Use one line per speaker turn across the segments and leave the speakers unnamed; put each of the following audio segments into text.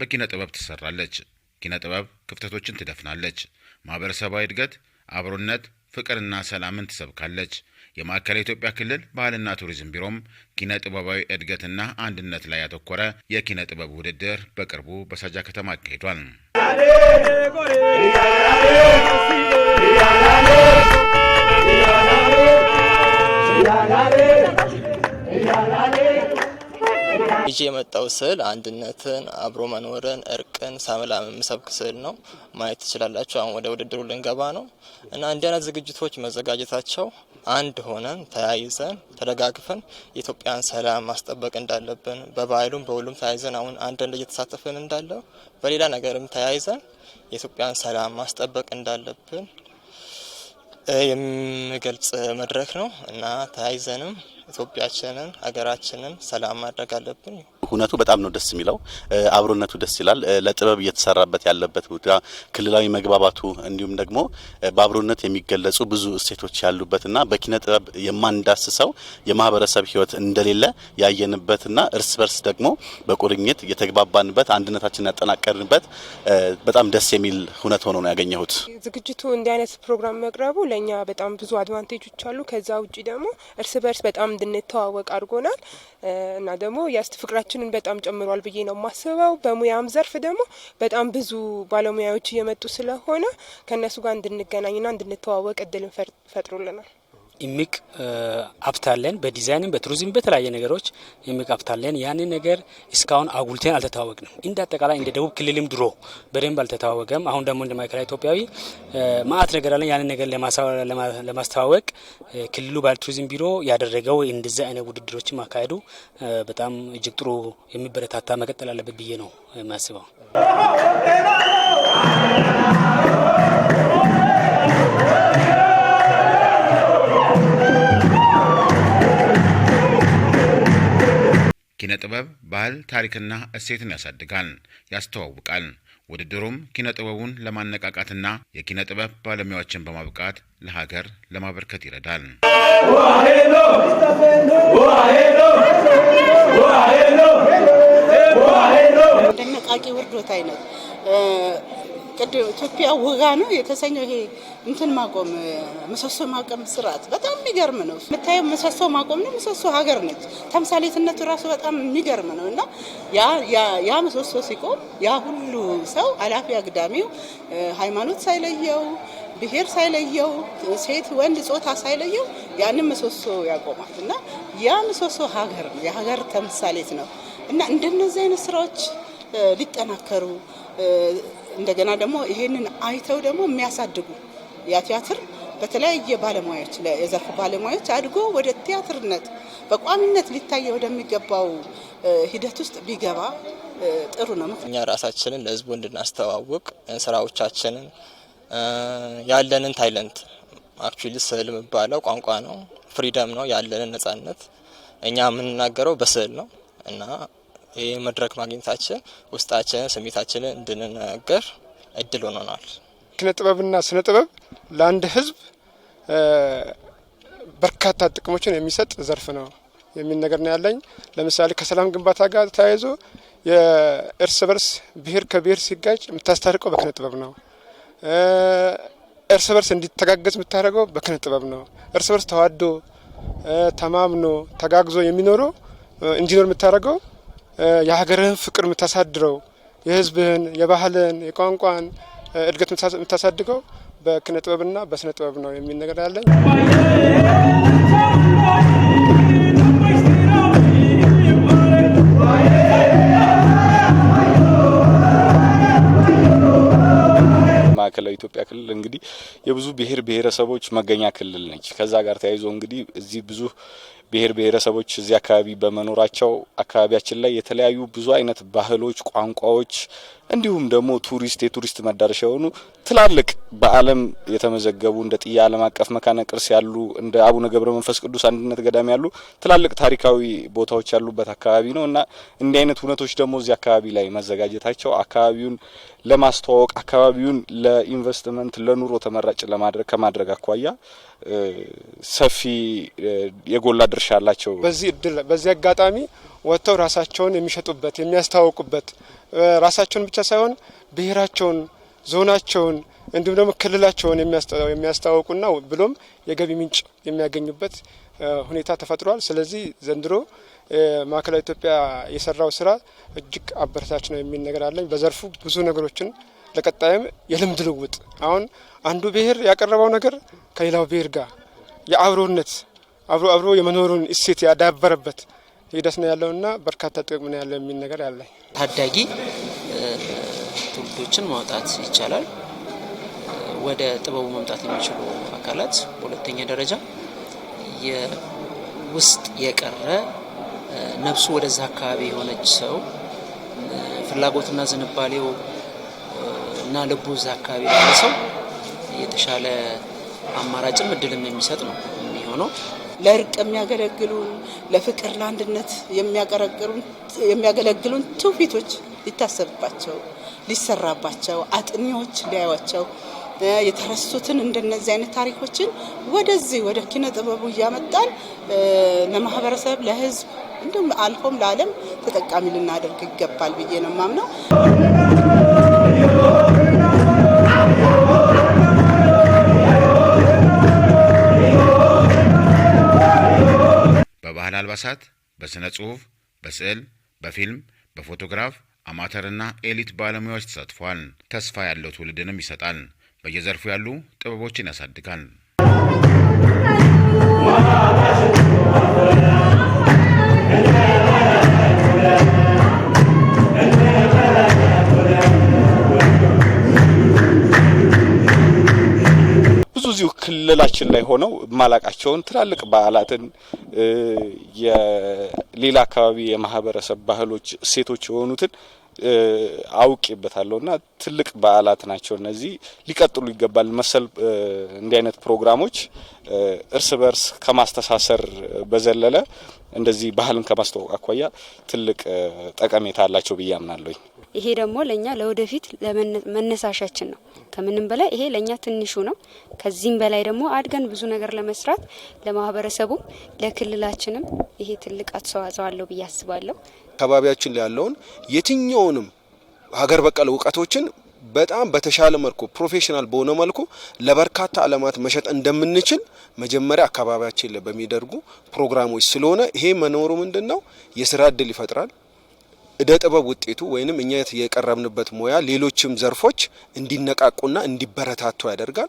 በኪነ ጥበብ ትሰራለች። ኪነ ጥበብ ክፍተቶችን ትደፍናለች። ማህበረሰባዊ እድገት፣ አብሮነት፣ ፍቅርና ሰላምን ትሰብካለች። የማዕከላዊ ኢትዮጵያ ክልል ባህልና ቱሪዝም ቢሮም ኪነ ጥበባዊ እድገትና አንድነት ላይ ያተኮረ የኪነ ጥበብ ውድድር በቅርቡ በሳጃ ከተማ አካሂዷል።
ይዤ የመጣው ስዕል አንድነትን፣ አብሮ መኖርን፣ እርቅን፣ ሰላም የምሰብክ ስዕል ነው። ማየት ትችላላችሁ። አሁን ወደ ውድድሩ ልንገባ ነው እና እንዲህ አይነት ዝግጅቶች መዘጋጀታቸው አንድ ሆነን ተያይዘን ተደጋግፈን የኢትዮጵያን ሰላም ማስጠበቅ እንዳለብን በባህሉም በሁሉም ተያይዘን አሁን አንዳንድ እየተሳተፍን እንዳለው በሌላ ነገርም ተያይዘን የኢትዮጵያን ሰላም ማስጠበቅ እንዳለብን የሚገልጽ መድረክ ነው እና ተያይዘንም ኢትዮጵያችንን ሀገራችንን ሰላም ማድረግ አለብን።
ሁነቱ በጣም ነው ደስ የሚለው። አብሮነቱ ደስ ይላል። ለጥበብ እየተሰራበት ያለበት ክልላዊ መግባባቱ እንዲሁም ደግሞ በአብሮነት የሚገለጹ ብዙ እሴቶች ያሉበትና በኪነ ጥበብ የማንዳስሰው የማህበረሰብ ህይወት እንደሌለ ያየንበትና እርስ በርስ ደግሞ በቁርኝት የተግባባንበት አንድነታችን ያጠናቀርንበት በጣም ደስ የሚል ሁነት ሆኖ ነው ያገኘሁት።
ዝግጅቱ እንዲህ አይነት ፕሮግራም መቅረቡ ለእኛ በጣም ብዙ አድቫንቴጆች አሉ። ከዛ ውጭ ደግሞ እርስ በርስ በጣም እንድንተዋወቅ አድርጎናል እና ደግሞ የአስት ፍቅራችንን በጣም ጨምሯል ብዬ ነው የማስበው። በሙያም ዘርፍ ደግሞ በጣም ብዙ ባለሙያዎች እየመጡ ስለሆነ ከእነሱ ጋር እንድንገናኝና እንድንተዋወቅ እድልን ፈጥሮልናል።
እምቅ ሀብታለን በዲዛይንም በቱሪዝም በተለያየ ነገሮች እምቅ ሀብታለን። ያንን ነገር እስካሁን አጉልተን አልተተዋወቅንም። እንደ አጠቃላይ እንደ ደቡብ ክልልም ድሮ በደንብ አልተተዋወቀም። አሁን ደግሞ እንደ ማዕከላዊ ኢትዮጵያዊ ማአት ነገር አለን። ያንን ነገር ለማስተዋወቅ ክልሉ ባህል ቱሪዝም ቢሮ ያደረገው እንደዚህ አይነት ውድድሮችም አካሄዱ በጣም እጅግ ጥሩ የሚበረታታ መቀጠል አለበት ብዬ ነው የማስበው።
ጥበብ ባህል፣ ታሪክና እሴትን ያሳድጋል፣ ያስተዋውቃል። ውድድሩም ኪነ ጥበቡን ለማነቃቃትና የኪነ ጥበብ ባለሙያዎችን በማብቃት ለሀገር ለማበርከት ይረዳል።
አደነቃቂ ውርዶት አይነት ቅድም ኢትዮጵያ ወጋ ነው የተሰኘው ይሄ እንትን ማቆም ምሰሶ ማቆም ስርዓት በጣም የሚገርም ነው። የምታየው ምሰሶ ማቆም ነው። ምሰሶ ሀገር ነች። ተምሳሌትነቱ ራሱ በጣም የሚገርም ነው እና ያ ምሰሶ ሲቆም ያ ሁሉ ሰው አላፊ አግዳሚው ሃይማኖት ሳይለየው ብሔር ሳይለየው ሴት ወንድ ጾታ ሳይለየው ያንን ምሰሶ ያቆማል እና ያ ምሰሶ ሀገር ነው። የሀገር ተምሳሌት ነው እና እንደነዚህ አይነት ስራዎች ሊጠናከሩ እንደገና ደግሞ ይሄንን አይተው ደግሞ የሚያሳድጉ ያ ቲያትር በተለያየ ባለሙያዎች የዘርፍ ባለሙያዎች አድጎ ወደ ቲያትርነት በቋሚነት ሊታየ ወደሚገባው ሂደት ውስጥ ቢገባ ጥሩ ነው።
እኛ ራሳችንን ለህዝቡ እንድናስተዋውቅ ስራዎቻችንን ያለንን ታይለንት አክቹዋሊ ስዕል የሚባለው ቋንቋ ነው፣ ፍሪደም ነው ያለንን ነጻነት እኛ የምንናገረው በስዕል ነው እና ይህ መድረክ ማግኘታችን ውስጣችንን፣ ስሜታችንን እንድንናገር እድል ሆኖናል።
ኪነ ጥበብና ስነ ጥበብ ለአንድ ህዝብ በርካታ ጥቅሞችን የሚሰጥ ዘርፍ ነው የሚል ነገር ነው ያለኝ። ለምሳሌ ከሰላም ግንባታ ጋር ተያይዞ የእርስ በርስ ብሔር ከብሔር ሲጋጭ የምታስታርቀው በኪነ ጥበብ ነው። እርስ በርስ እንዲተጋገዝ የምታደርገው በኪነ ጥበብ ነው። እርስ በርስ ተዋዶ ተማምኖ ተጋግዞ የሚኖረው እንዲኖር የምታደርገው የሀገርህን ፍቅር የምታሳድረው የህዝብህን፣ የባህልን የቋንቋን እድገት የምታሳድገው በኪነ ጥበብና በስነ ጥበብ ነው የሚል ነገር
ማዕከላዊ ኢትዮጵያ ክልል እንግዲህ የብዙ ብሔር ብሔረሰቦች መገኛ ክልል ነች። ከዛ ጋር ተያይዞ እንግዲህ እዚህ ብዙ ብሔር ብሔረሰቦች እዚህ አካባቢ በመኖራቸው አካባቢያችን ላይ የተለያዩ ብዙ አይነት ባህሎች፣ ቋንቋዎች እንዲሁም ደግሞ ቱሪስት የቱሪስት መዳረሻ የሆኑ ትላልቅ በዓለም የተመዘገቡ እንደ ጥያ ዓለም አቀፍ መካነ ቅርስ ያሉ እንደ አቡነ ገብረ መንፈስ ቅዱስ አንድነት ገዳም ያሉ ትላልቅ ታሪካዊ ቦታዎች ያሉበት አካባቢ ነው እና እንዲህ አይነት እውነቶች ደግሞ እዚህ አካባቢ ላይ መዘጋጀታቸው አካባቢውን ለማስተዋወቅ አካባቢውን ለኢንቨስትመንት ለኑሮ ተመራጭ ለማድረግ ከማድረግ አኳያ ሰፊ የጎላ ድርሻ አላቸው።
በዚህ እድል በዚህ አጋጣሚ ወጥተው ራሳቸውን የሚሸጡበት የሚያስተዋውቁበት ራሳቸውን ብቻ ሳይሆን ብሔራቸውን፣ ዞናቸውን እንዲሁም ደግሞ ክልላቸውን የሚያስተዋውቁና ብሎም የገቢ ምንጭ የሚያገኙበት ሁኔታ ተፈጥሯል። ስለዚህ ዘንድሮ ማዕከላዊ ኢትዮጵያ የሰራው ስራ እጅግ አበረታች ነው የሚል ነገር አለኝ። በዘርፉ ብዙ ነገሮችን ለቀጣይም የልምድ ልውውጥ አሁን አንዱ ብሔር ያቀረበው ነገር ከሌላው ብሔር ጋር የአብሮነት አብሮ አብሮ የመኖሩን እሴት ያዳበረበት ሂደት ነው ያለውና በርካታ ጥቅም ነው ያለው የሚል ነገር ያለ
ታዳጊ ትውልዶችን ማውጣት ይቻላል። ወደ ጥበቡ መምጣት የሚችሉ አካላት በሁለተኛ ደረጃ ውስጥ የቀረ ነፍሱ ወደዛ አካባቢ የሆነች ሰው ፍላጎትና ዝንባሌው እና ልቡ እዛ አካባቢ የሆነ ሰው የተሻለ አማራጭም እድልም የሚሰጥ ነው የሚሆነው።
ለእርቅ የሚያገለግሉን፣ ለፍቅር ለአንድነት የሚያገለግሉን ትውፊቶች ሊታሰብባቸው ሊሰራባቸው፣ አጥኚዎች ሊያዩቸው የተረሱትን እንደነዚህ አይነት ታሪኮችን ወደዚህ ወደ ኪነ ጥበቡ እያመጣን ለማህበረሰብ ለህዝብ እንዲሁም አልፎም ለዓለም ተጠቃሚ ልናደርግ ይገባል ብዬ ነው የማምነው።
በባህል አልባሳት፣ በሥነ ጽሑፍ፣ በስዕል፣ በፊልም፣ በፎቶግራፍ አማተርና ኤሊት ባለሙያዎች ተሳትፏል። ተስፋ ያለው ትውልድንም ይሰጣል። በየዘርፉ ያሉ ጥበቦችን ያሳድጋል።
እዚሁ ክልላችን ላይ ሆነው ማላቃቸውን ትላልቅ በዓላትን የሌላ አካባቢ የማህበረሰብ ባህሎች፣ እሴቶች የሆኑትን አውቄበታለሁ እና ትልቅ በዓላት ናቸው እነዚህ። ሊቀጥሉ ይገባል መሰል እንዲህ አይነት ፕሮግራሞች እርስ በርስ ከማስተሳሰር በዘለለ እንደዚህ ባህልን ከማስተዋወቅ አኳያ ትልቅ ጠቀሜታ አላቸው ብዬ አምናለሁኝ።
ይሄ ደግሞ ለእኛ ለወደፊት መነሳሻችን ነው። ከምንም በላይ ይሄ ለእኛ ትንሹ ነው። ከዚህም በላይ ደግሞ አድገን ብዙ ነገር ለመስራት ለማህበረሰቡም ለክልላችንም ይሄ ትልቅ አስተዋጽኦ አለው ብዬ አስባለሁ።
አካባቢያችን ላይ ያለውን የትኛውንም ሀገር በቀል እውቀቶችን በጣም በተሻለ መልኩ ፕሮፌሽናል በሆነ መልኩ ለበርካታ ዓለማት መሸጥ እንደምንችል መጀመሪያ አካባቢያችን ላይ በሚደርጉ ፕሮግራሞች ስለሆነ ይሄ መኖሩ ምንድን ነው የስራ እድል ይፈጥራል። እደ ጥበብ ውጤቱ ወይንም እኛ የቀረብንበት ሙያ ሌሎችም ዘርፎች እንዲነቃቁና እንዲበረታቱ ያደርጋል።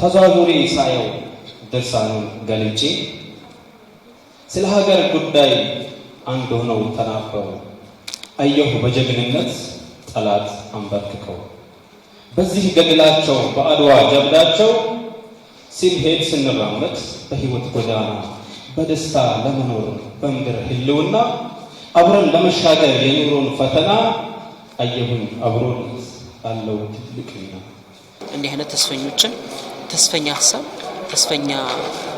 ተዛዙሪ ሳየው ድርሳኑን ገልጬ ስለ ሀገር ጉዳይ አንድ ሆነው ተናበሩ። አየሁ በጀግንነት ጠላት አንበርክከው በዚህ ገድላቸው በአድዋ ጀብዳቸው ሲልሄድ ስንራመድ በህይወት ጎዳና በደስታ ለመኖር በምድር ህልውና አብረን ለመሻገር የኑሮን ፈተና አየሁን አብሮን አለው ትልቅ
እንዲህ አይነት ተስፈኞችን ተስፈኛ ሀሳብ፣ ተስፈኛ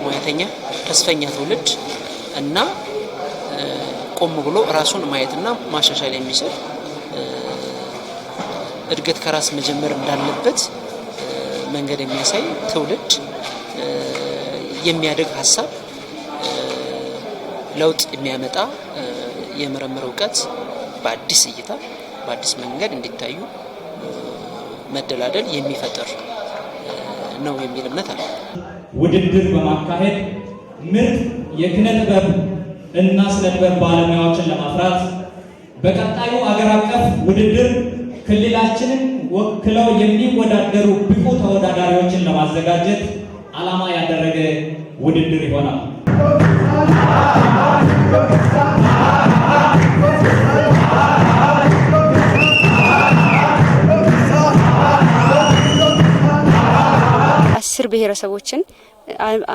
ሙያተኛ፣ ተስፈኛ ትውልድ እና ቆም ብሎ ራሱን ማየትና ማሻሻል የሚችል እድገት ከራስ መጀመር እንዳለበት መንገድ የሚያሳይ ትውልድ የሚያደግ ሀሳብ ለውጥ የሚያመጣ የምርምር እውቀት በአዲስ እይታ በአዲስ መንገድ እንዲታዩ መደላደል የሚፈጥር ነው የሚል እምነት አለ።
ውድድር በማካሄድ ምርጥ የኪነ ጥበብ እና ስነ ጥበብ ባለሙያዎችን ለማፍራት በቀጣዩ አገር አቀፍ ውድድር ክልላችንን ወክለው የሚወዳደሩ ብቁ ተወዳዳሪዎችን ለማዘጋጀት ዓላማ ያደረገ ውድድር ይሆናል።
አስር ብሔረሰቦችን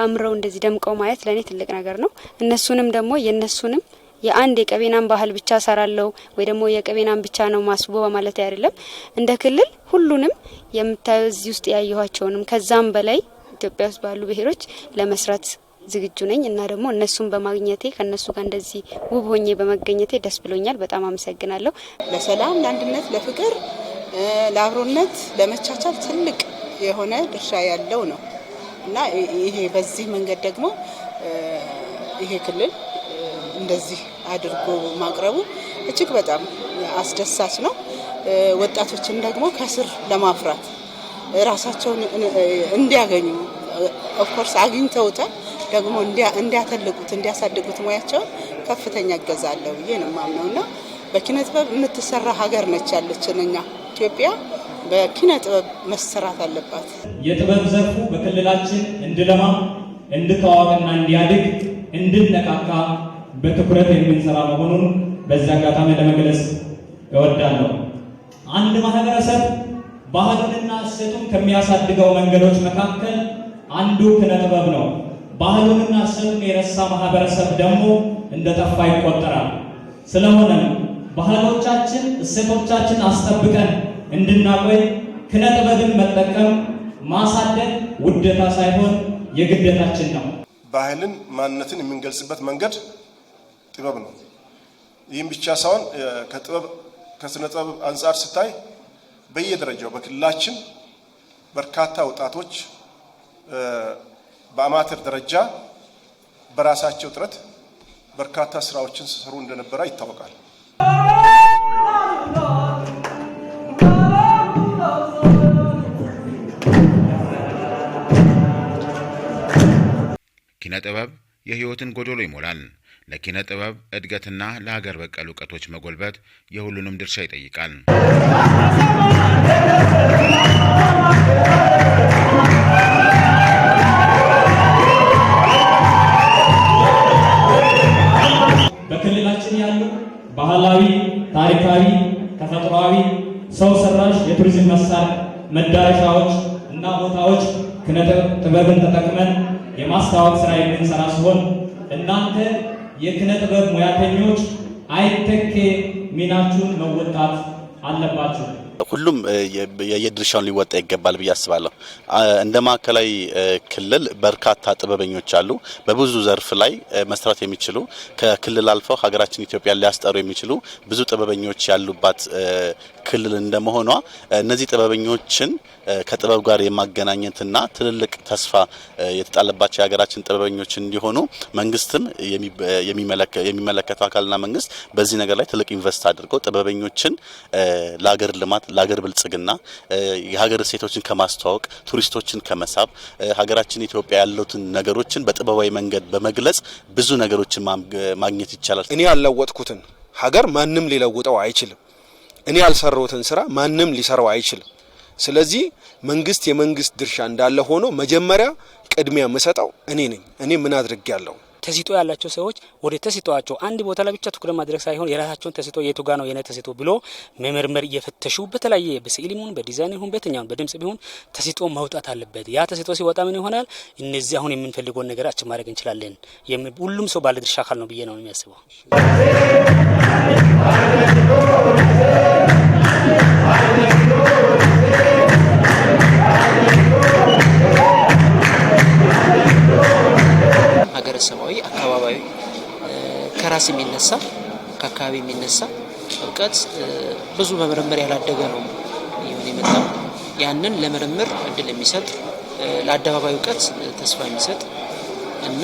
አምረው እንደዚህ ደምቀው ማየት ለእኔ ትልቅ ነገር ነው። እነሱንም ደግሞ የእነሱንም የአንድ የቀቤናን ባህል ብቻ ሰራለው ወይ ደግሞ የቀቤናን ብቻ ነው ማስቦ በማለት አይደለም። እንደ ክልል ሁሉንም የምታዩ እዚህ ውስጥ ያየኋቸውንም ከዛም በላይ ኢትዮጵያ ውስጥ ባሉ ብሔሮች ለመስራት ዝግጁ ነኝ እና ደግሞ እነሱን በማግኘቴ ከእነሱ ጋር እንደዚህ ውብ ሆኜ በመገኘቴ ደስ ብሎኛል። በጣም አመሰግናለሁ።
ለሰላም፣ ለአንድነት፣ ለፍቅር፣ ለአብሮነት፣ ለመቻቻል ትልቅ የሆነ ድርሻ ያለው ነው እና ይሄ በዚህ መንገድ ደግሞ ይሄ ክልል እንደዚህ አድርጎ ማቅረቡ እጅግ በጣም አስደሳች ነው። ወጣቶችን ደግሞ ከስር ለማፍራት ራሳቸውን እንዲያገኙ ኦፍኮርስ አግኝተውታል። ደግሞ እንዲያተልቁት እንዲያሳድጉት ሙያቸውን ከፍተኛ እገዛ አለው ብዬ ነው የማምነው እና በኪነ ጥበብ የምትሰራ ሀገር ነች ያለችን እኛ ኢትዮጵያ በኪነ ጥበብ መሰራት አለባት።
የጥበብ ዘርፉ በክልላችን እንድለማ እንድተዋወቅና እንዲያድግ እንድነቃቃ በትኩረት የምንሰራ መሆኑን በዚህ አጋጣሚ ለመግለጽ እወዳለሁ። አንድ ማህበረሰብ ባህሉንና እሴቱን ከሚያሳድገው መንገዶች መካከል አንዱ ኪነ ጥበብ ነው። ባህሉንና ስም የረሳ ማህበረሰብ ደግሞ እንደጠፋ ይቆጠራል። ስለሆነም ባህሎቻችን፣ እሴቶቻችን አስጠብቀን እንድናቆይ ኪነ ጥበብን መጠቀም ማሳደግ ውደታ ሳይሆን የግደታችን ነው።
ባህልን ማንነትን የምንገልጽበት መንገድ ጥበብ ነው። ይህም ብቻ ሳይሆን ከጥበብ ከስነ ጥበብ አንጻር ስታይ በየደረጃው በክልላችን በርካታ ወጣቶች በአማተር ደረጃ በራሳቸው ጥረት በርካታ ስራዎችን ሲሰሩ እንደነበረ ይታወቃል።
ኪነ ጥበብ የህይወትን ጎዶሎ ይሞላል። ለኪነ ጥበብ እድገትና ለሀገር በቀል እውቀቶች መጎልበት የሁሉንም ድርሻ ይጠይቃል።
በክልላችን ያሉ ባህላዊ፣ ታሪካዊ፣ ተፈጥሯዊ፣ ሰው ሰራሽ የቱሪዝም መሳሪያ መዳረሻዎች እና ቦታዎች ኪነ ጥበብን ተጠቅመን የማስተዋወቅ ስራ የምንሰራ ሲሆን እናንተ የክነ ጥበብ ሙያተኞች አይተኬ ሚናችሁን መወጣት አለባችሁ።
ሁሉም የድርሻውን ሊወጣ ይገባል ብዬ አስባለሁ። እንደ ማዕከላዊ ክልል በርካታ ጥበበኞች አሉ። በብዙ ዘርፍ ላይ መስራት የሚችሉ ከክልል አልፈው ሀገራችን ኢትዮጵያን ሊያስጠሩ የሚችሉ ብዙ ጥበበኞች ያሉባት ክልል እንደመሆኗ እነዚህ ጥበበኞችን ከጥበብ ጋር የማገናኘትና ትልልቅ ተስፋ የተጣለባቸው የሀገራችን ጥበበኞች እንዲሆኑ መንግስትም የሚመለከተው አካልና መንግስት በዚህ ነገር ላይ ትልቅ ኢንቨስት አድርገው ጥበበኞችን ለሀገር ልማት ለማስፋፋት ለሀገር ብልጽግና የሀገር እሴቶችን ከማስተዋወቅ ቱሪስቶችን ከመሳብ ሀገራችን ኢትዮጵያ ያሉትን ነገሮችን በጥበባዊ መንገድ በመግለጽ ብዙ ነገሮችን ማግኘት ይቻላል። እኔ ያልለወጥኩትን ሀገር ማንም ሊለውጠው አይችልም። እኔ ያልሰራሁትን ስራ ማንም ሊሰራው አይችልም። ስለዚህ መንግስት የመንግስት ድርሻ እንዳለ ሆኖ መጀመሪያ ቅድሚያ የምሰጠው እኔ ነኝ። እኔ ምን አድርግ ያለው
ተሲጦ ያላቸው ሰዎች ወደ ተሲጧቸው አንድ ቦታ ላይ ብቻ ትኩረት ማድረግ ሳይሆን የራሳቸውን ተሲጦ የቱ ጋ ነው የኔ ተሲጦ ብሎ መመርመር እየፈተሹ በተለያየ በስዕል ይሁን በዲዛይን ሁን በየትኛውም በድምጽ ቢሆን ተሲጦ መውጣት አለበት። ያ ተሲጦ ሲወጣ ምን ይሆናል? እነዚህ አሁን የምንፈልገውን ነገር አችን ማድረግ እንችላለን። ሁሉም ሰው ባለ ድርሻ አካል ነው ብዬ ነው የሚያስበው። ማህበረሰባዊ፣ አካባቢያዊ ከራስ የሚነሳ ከአካባቢ የሚነሳ እውቀት ብዙ በምርምር ያላደገ ነው ይሁን የመጣው ያንን ለምርምር እድል የሚሰጥ ለአደባባይ እውቀት ተስፋ የሚሰጥ እና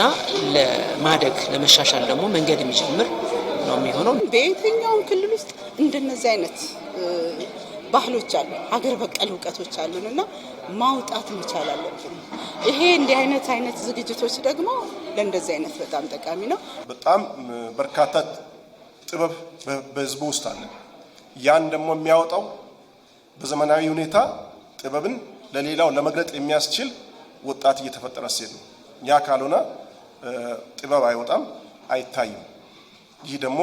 ለማደግ ለመሻሻል ደግሞ መንገድ የሚጀምር ነው የሚሆነው
በየትኛውም ክልል ውስጥ እንደነዚህ አይነት ባህሎች አሉ፣ ሀገር በቀል እውቀቶች አሉን እና ማውጣት መቻል አለብን። ይሄ እንዲህ አይነት አይነት ዝግጅቶች ደግሞ ለእንደዚህ አይነት በጣም ጠቃሚ ነው።
በጣም በርካታ ጥበብ በህዝቡ ውስጥ አለ። ያን ደግሞ የሚያወጣው በዘመናዊ ሁኔታ ጥበብን ለሌላው ለመግለጥ የሚያስችል ወጣት እየተፈጠረ ሴት ነው። ያ ካልሆነ ጥበብ አይወጣም፣ አይታይም። ይህ ደግሞ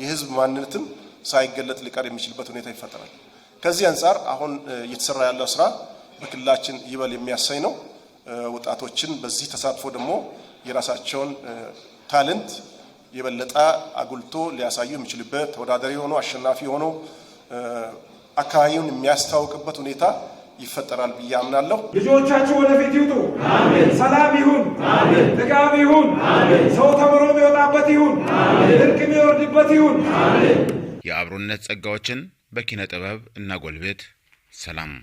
የህዝብ ማንነትም ሳይገለጥ ሊቀር የሚችልበት ሁኔታ ይፈጠራል። ከዚህ አንጻር አሁን እየተሰራ ያለው ስራ በክልላችን ይበል የሚያሰኝ ነው። ወጣቶችን በዚህ ተሳትፎ ደግሞ የራሳቸውን ታለንት የበለጠ አጉልቶ ሊያሳዩ የሚችልበት ተወዳዳሪ ሆኖ አሸናፊ ሆኖ አካባቢውን የሚያስታውቅበት ሁኔታ ይፈጠራል ብዬ አምናለሁ።
ልጆቻችሁ ወደፊት ይውጡ። ሰላም ይሁን፣ ጥጋብ ይሁን፣ ሰው ተምሮ የሚወጣበት ይሁን፣ ድርቅ የሚወርድበት ይሁን።
የአብሮነት ጸጋዎችን በኪነ ጥበብ እናጎልብት። ሰላም